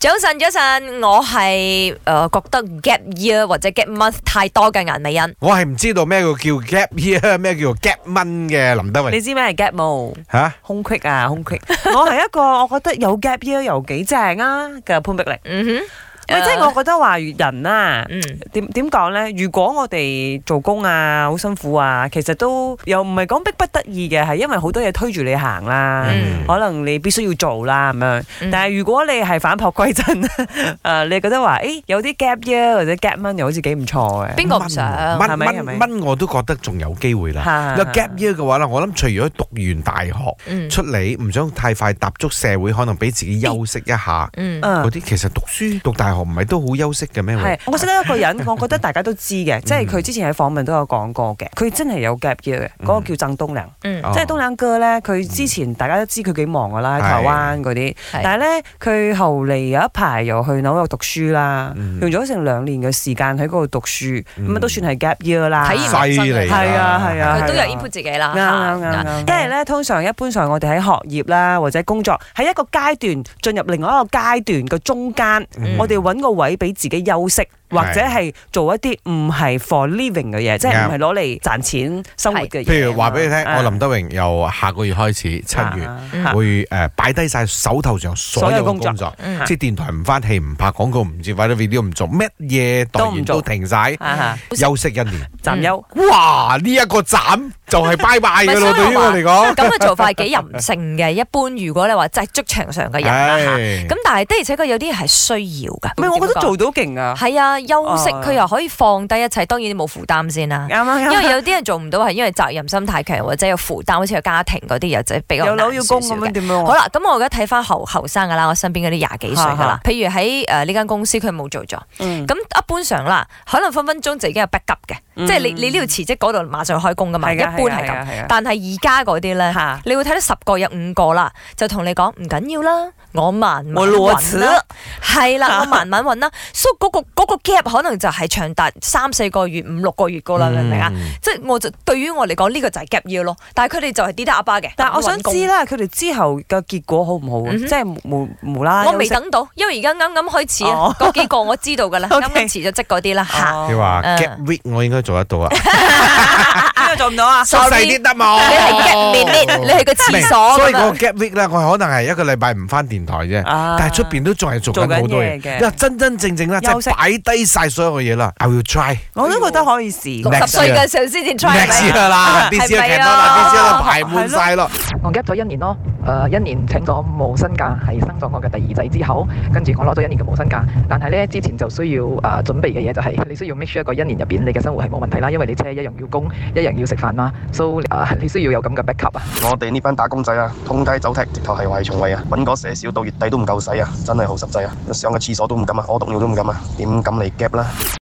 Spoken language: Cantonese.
早晨，早晨，我係誒覺得 gap year 或者 gap month 太多嘅顏美欣，我係唔知道咩叫 gap year，咩叫 gap month 嘅林德榮，你知咩係 gap 冇？吓，空隙啊，空隙，我係一個我覺得有 gap year 又幾正啊嘅潘碧玲。嗯哼。喂，即係我覺得話人啦，點點講咧？如果我哋做工啊，好辛苦啊，其實都又唔係講迫不得已嘅，係因為好多嘢推住你行啦。可能你必須要做啦咁樣。但係如果你係返璞歸真，誒，你覺得話誒有啲 gap year 或者 gap month 又好似幾唔錯嘅。邊個想？蚊蚊我都覺得仲有機會啦。有 gap year 嘅話啦，我諗除咗讀完大學出嚟，唔想太快踏足社會，可能俾自己休息一下嗰啲，其實讀書讀大學。唔係都好休息嘅咩？我識得一個人，我覺得大家都知嘅，即係佢之前喺訪問都有講過嘅，佢真係有 gap year 嘅。嗰個叫鄭東亮，即係東亮哥咧。佢之前大家都知佢幾忙噶啦，喺台灣嗰啲。但係咧，佢後嚟有一排又去紐約讀書啦，用咗成兩年嘅時間喺嗰度讀書，咁都算係 gap year 啦。犀利，係啊係啊，都有 input 自己啦。啱啱啱，因為咧，通常一般上我哋喺學業啦，或者工作喺一個階段進入另外一個階段嘅中間，我哋。揾個位俾自己休息，或者係做一啲唔係 for living 嘅嘢，即係唔係攞嚟賺錢生活嘅嘢。譬如話俾你聽，我林德榮由下個月開始，七月會誒擺低晒手頭上所有工作，即係電台唔返戲，唔拍廣告，唔接 video 唔做，乜嘢代言都唔做，都停晒，休息一年，暫休。哇！呢一個站。就係拜拜嘅咯，對於我嚟講，咁嘅做法係幾任性嘅。一般如果你話在職場上嘅人啦，咁但係的而且確有啲係需要㗎。唔係，我覺得做到勁啊！係啊，休息佢又可以放低一切，當然冇負擔先啦。啱啊，因為有啲人做唔到係因為責任心太強或者有負擔，好似有家庭嗰啲又就比較有樓要供咁樣點樣？好啦，咁我而家睇翻後後生嘅啦，我身邊嗰啲廿幾歲嘅啦，譬如喺誒呢間公司佢冇做咗，咁一般上啦，可能分分鐘就已經有 back up 嘅。即係你你呢度辭職嗰度馬上開工噶嘛？一般係咁，但係而家嗰啲咧，你會睇到十個有五個啦，就同你講唔緊要啦，我慢慢揾啦，係啦，我慢慢揾啦，所以嗰個 gap 可能就係長達三四個月、五六個月噶啦，明唔明啊？即係我就對於我嚟講呢個就係 gap year 咯，但係佢哋就係啲阿爸嘅。但係我想知咧，佢哋之後嘅結果好唔好？即係無啦，我未等到，因為而家啱啱開始啊，嗰幾個我知道㗎啦，咁啱辭咗職嗰啲啦。佢話 gap week 我應該做得到啊！邊個做唔到啊？縮細啲得冇？你係 gap week，你係個廁所。所以個 gap week 咧，我可能係一個禮拜唔返電台啫。但係出邊都仲係做緊好多嘢嘅。因為真真正正咧，真係擺低晒所有嘅嘢啦。I will try。我都覺得可以試。六十歲嘅時候先至 try。Next year 啦，Next year 見到啦，Next year。大滿晒咯，啊、我 gap 咗一年咯，誒，一年請咗無薪假，係生咗我嘅第二仔之後，跟住我攞咗一年嘅無薪假，但係咧之前就需要誒準備嘅嘢就係、是，你需要 make sure 一個一年入邊你嘅生活係冇問題啦，因為你車一樣要供，一樣要食飯啦，so 啊你需要有咁嘅 backup 啊。我哋呢班打工仔啊，通街走踢直頭係壞腸胃啊，搵嗰些少到月底都唔夠使啊，真係好實際啊，上個廁所都唔敢啊，屙篤尿都唔敢啊，點敢嚟 gap 啦？